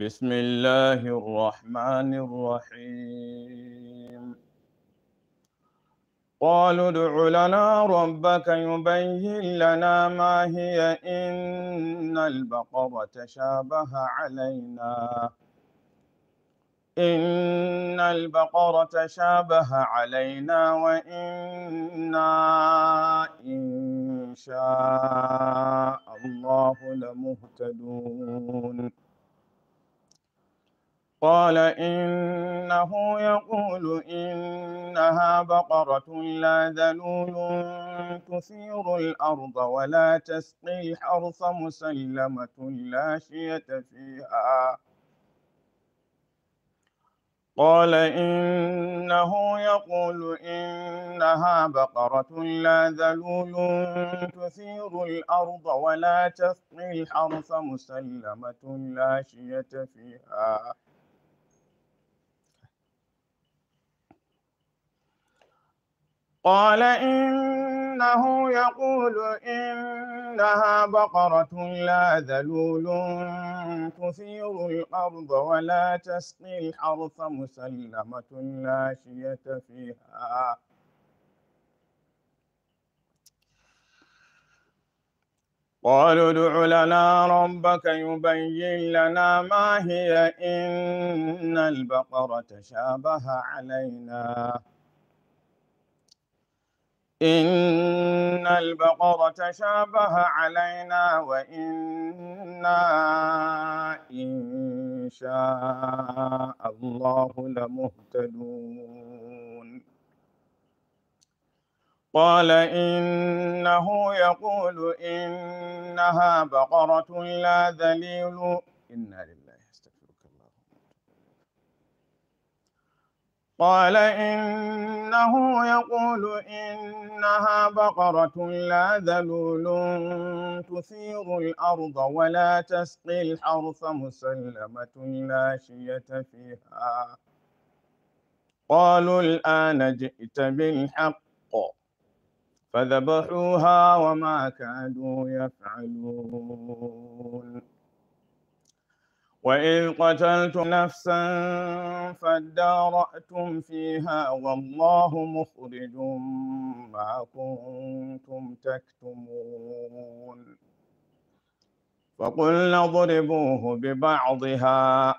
بسم الله الرحمن الرحيم قالوا ادع لنا ربك يبين لنا ما هي إن البقرة تشابه علينا إن البقرة تشابه علينا وإنا إن شاء الله لمهتدون قال إنه يقول إنها بقرة لا ذلول تثير الأرض ولا تسقي الحرث مسلمة لا شية فيها قال إنه يقول إنها بقرة لا ذلول تثير الأرض ولا تسقي الحرث مسلمة لا شية فيها قال إنه يقول إنها بقرة لا ذلول تثير الأرض ولا تسقي الحرث مسلمة لا شية فيها قالوا ادع لنا ربك يبين لنا ما هي إن البقرة شابه علينا إن البقرة شابه علينا وإنا إن شاء الله لمهتدون قال إنه يقول إنها بقرة لا ذليل إنا لله قال إنه يقول إنها بقرة لا ذلول تثير الأرض ولا تسقي الحرث مسلمة لا شية فيها قالوا الآن جئت بالحق فذبحوها وما كانوا يفعلون وإذ قتلتم نفسا فادارأتم فيها والله مخرج ما كنتم تكتمون فقلنا اضربوه ببعضها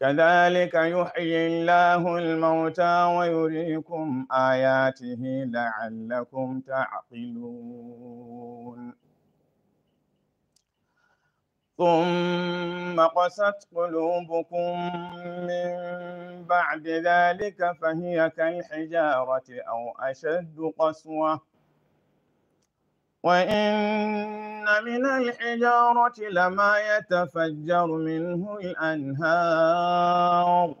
كذلك يحيي الله الموتى ويريكم آياته لعلكم تعقلون ثم قست قلوبكم من بعد ذلك فهي كالحجارة أو أشد قسوة وإن من الحجارة لما يتفجر منه الأنهار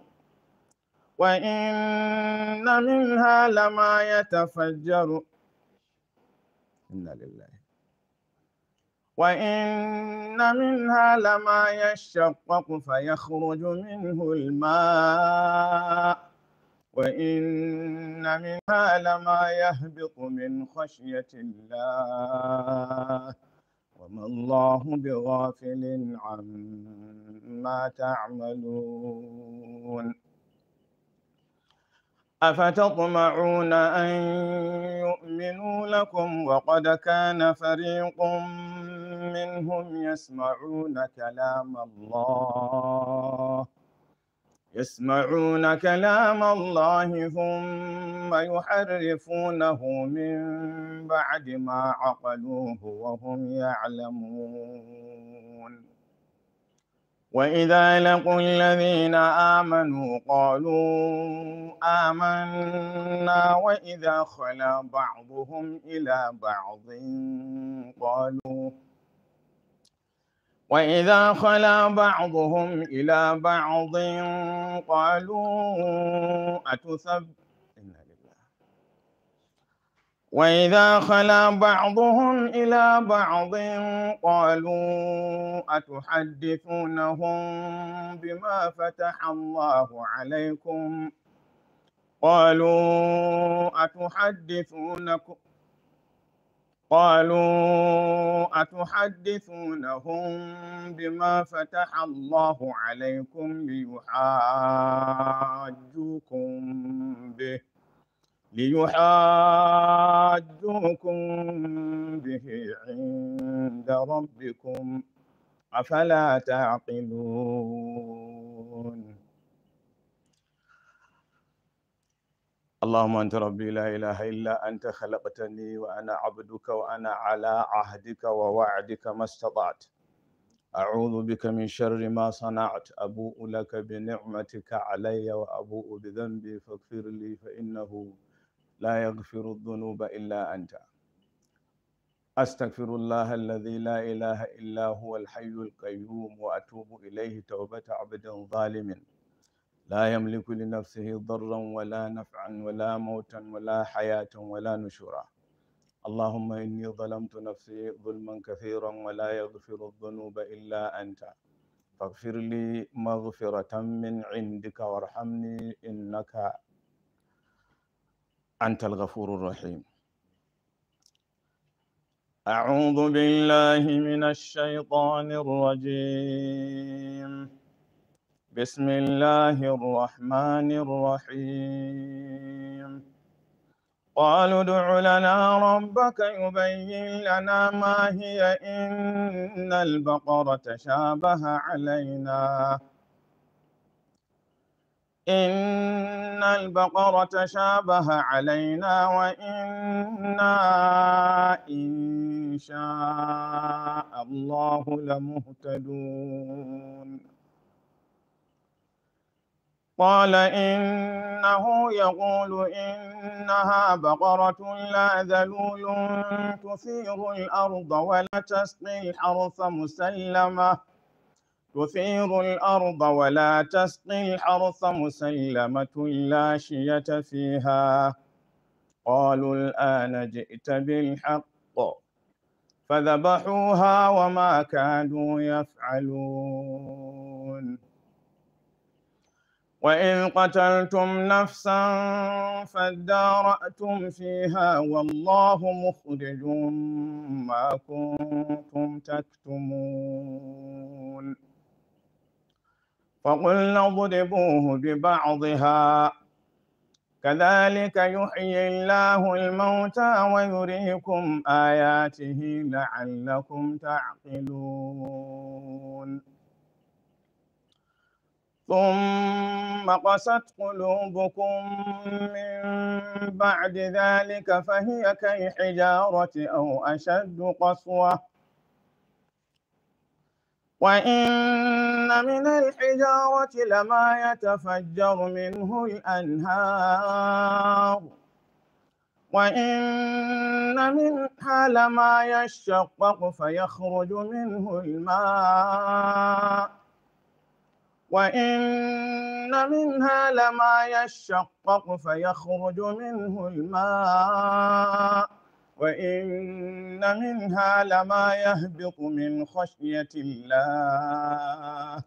وإن منها لما يتفجر إن لله وإن منها لما يشقق فيخرج منه الماء وإن منها لما يهبط من خشية الله وما الله بغافل عما تعملون أفتطمعون أن يؤمنوا لكم وقد كان فريق منهم يسمعون كلام الله يسمعون كلام الله ثم يحرفونه من بعد ما عقلوه وهم يعلمون وإذا لقوا الذين آمنوا قالوا آمنا وإذا خلا بعضهم إلى بعض قالوا وإذا خلا بعضهم إلى بعض قالوا أتثب إنا لله وإذا خلا بعضهم إلى بعض قالوا أتحدثونهم بما فتح الله عليكم قالوا أتحدثونكم قالوا أتحدثونهم بما فتح الله عليكم ليحاجوكم به ليحاجوكم به عند ربكم أفلا تعقلون اللهم أنت ربي لا إله إلا أنت خلقتني وأنا عبدك وأنا على عهدك ووعدك ما استطعت أعوذ بك من شر ما صنعت أبوء لك بنعمتك علي وأبوء بذنبي فاغفر لي فإنه لا يغفر الذنوب إلا أنت أستغفر الله الذي لا إله إلا هو الحي القيوم وأتوب إليه توبة عبد ظالم لا يملك لنفسه ضرا ولا نفعا ولا موتا ولا حياة ولا نشورا اللهم إني ظلمت نفسي ظلما كثيرا ولا يغفر الذنوب إلا أنت فاغفر لي مغفرة من عندك وارحمني إنك أنت الغفور الرحيم أعوذ بالله من الشيطان الرجيم بسم الله الرحمن الرحيم قالوا ادع لنا ربك يبين لنا ما هي إن البقرة تشابه علينا إن البقرة تشابه علينا وإنا إن شاء الله لمهتدون قال إنه يقول إنها بقرة لا ذلول تثير الأرض ولا تسقي الحرث مسلمة تثير الأرض ولا تسقي الحرث مسلمة لا شية فيها قالوا الآن جئت بالحق فذبحوها وما كانوا يفعلون وإذ قتلتم نفسا فادارأتم فيها والله مخرج ما كنتم تكتمون فقلنا اضربوه ببعضها كذلك يحيي الله الموتى ويريكم آياته لعلكم تعقلون ثم قست قلوبكم من بعد ذلك فهي كالحجارة أو أشد قسوة وإن من الحجارة لما يتفجر منه الأنهار وإن منها لما يشقق فيخرج منه الماء وإن منها لما يشقق فيخرج منه الماء وإن منها لما يهبط من خشية الله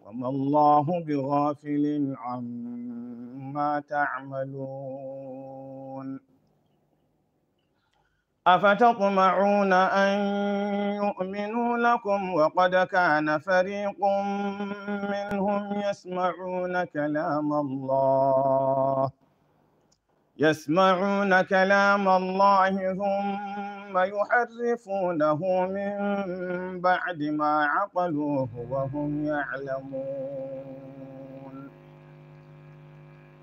وما الله بغافل عما تعملون أفتطمعون أن يؤمنوا لكم وقد كان فريق منهم يسمعون كلام الله يسمعون كلام الله ثم يحرفونه من بعد ما عقلوه وهم يعلمون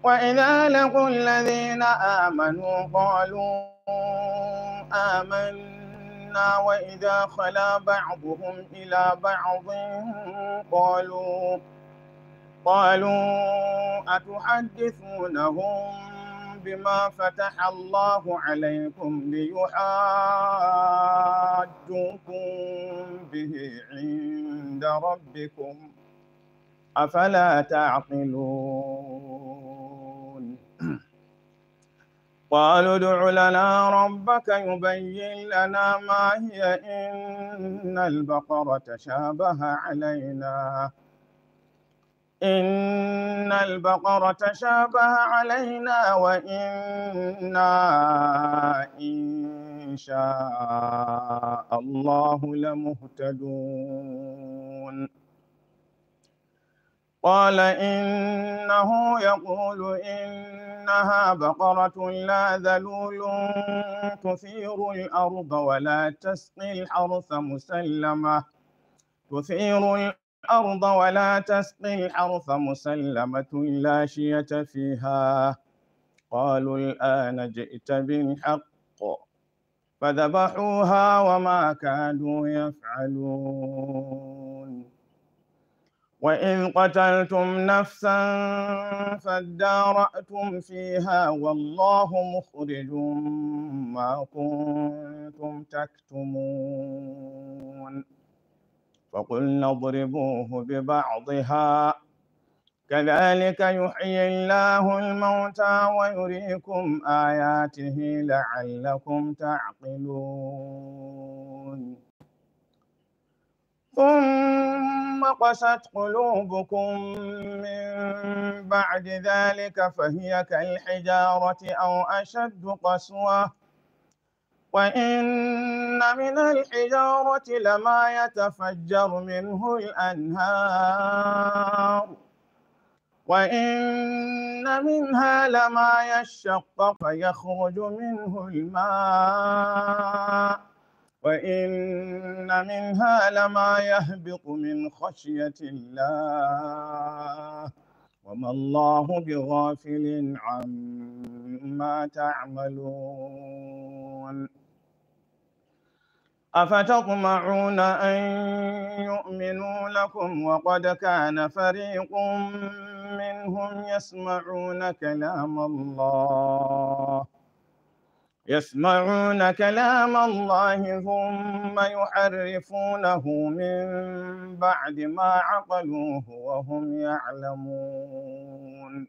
وإذا لقوا الذين آمنوا قالوا آمنا وإذا خلا بعضهم إلى بعض قالوا قالوا أتحدثونهم بما فتح الله عليكم ليحاجوكم به عند ربكم أفلا تعقلون قالوا ادع لنا ربك يبين لنا ما هي إن البقرة تشابه علينا إن البقرة تشابه علينا وإنا إن شاء الله لمهتدون قال إنه يقول إنها بقرة لا ذلول تثير الأرض ولا تسقي الحرث مسلمة تثير الأرض ولا تسقي الحرث مسلمة لا شية فيها قالوا الآن جئت بالحق فذبحوها وما كانوا يفعلون وإذ قتلتم نفسا فادارأتم فيها والله مخرج ما كنتم تكتمون فقلنا اضربوه ببعضها كذلك يحيي الله الموتى ويريكم آياته لعلكم تعقلون ثم قست قلوبكم من بعد ذلك فهي كالحجارة أو أشد قسوة وإن من الحجارة لما يتفجر منه الأنهار وإن منها لما يشق فيخرج منه الماء وإن منها لما يهبط من خشية الله وما الله بغافل عما تعملون أفتطمعون أن يؤمنوا لكم وقد كان فريق منهم يسمعون كلام الله يسمعون كلام الله ثم يحرفونه من بعد ما عقلوه وهم يعلمون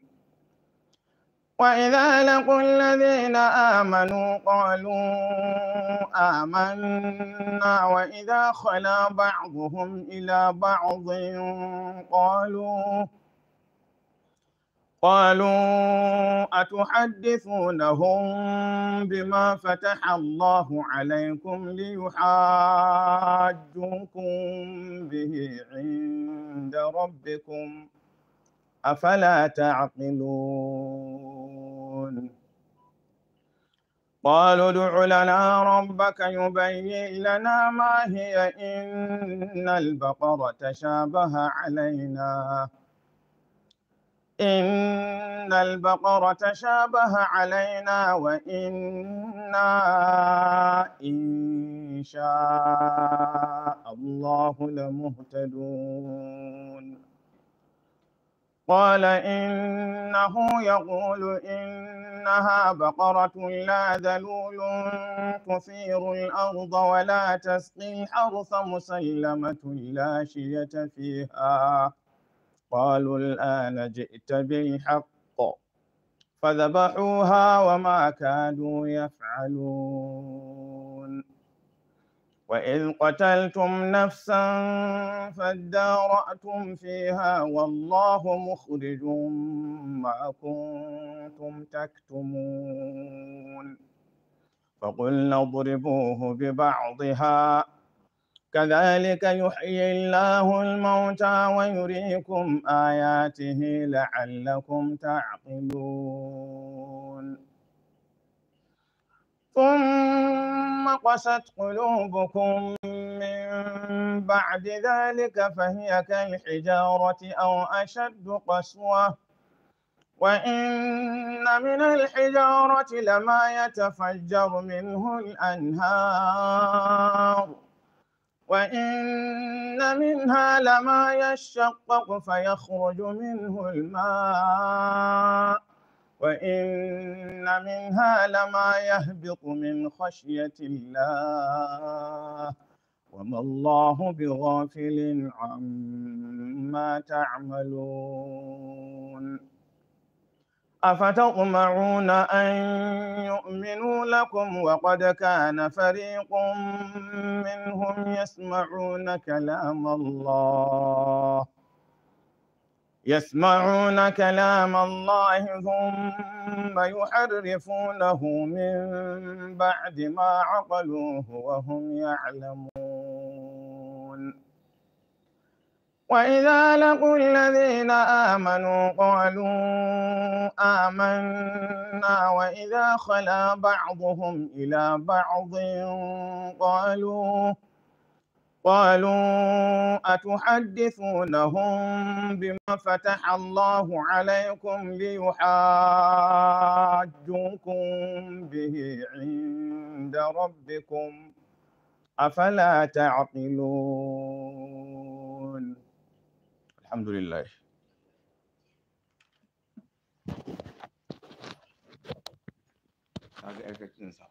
وإذا لقوا الذين آمنوا قالوا آمنا وإذا خلا بعضهم إلى بعض قالوا قالوا أتحدثونهم بما فتح الله عليكم ليحاجوكم به عند ربكم أفلا تعقلون قالوا ادع لنا ربك يبين لنا ما هي إن البقرة شابه علينا إن البقرة تشابه علينا وإنا إن شاء الله لمهتدون قال إنه يقول إنها بقرة لا ذلول تثير الأرض ولا تسقي الحرث مسلمة لا شية فيها قالوا الآن جئت بالحق فذبحوها وما كادوا يفعلون وإذ قتلتم نفسا فادارأتم فيها والله مخرج ما كنتم تكتمون فقلنا اضربوه ببعضها كذلك يحيي الله الموتى ويريكم آياته لعلكم تعقلون ثم قست قلوبكم من بعد ذلك فهي كالحجارة أو أشد قسوة وإن من الحجارة لما يتفجر منه الأنهار وإن منها لما يشقق فيخرج منه الماء وإن منها لما يهبط من خشية الله وما الله بغافل عما تعملون أفتطمعون أن يؤمنوا لكم وقد كان فريق منهم يسمعون كلام الله يسمعون كلام الله ثم يحرفونه من بعد ما عقلوه وهم يعلمون وإذا لقوا الذين آمنوا قالوا آمنا وإذا خلا بعضهم إلى بعض قالوا قالوا أتحدثونهم بما فتح الله عليكم ليحاجوكم به عند ربكم أفلا تعقلون alhamdulillah kaga yar kakinsa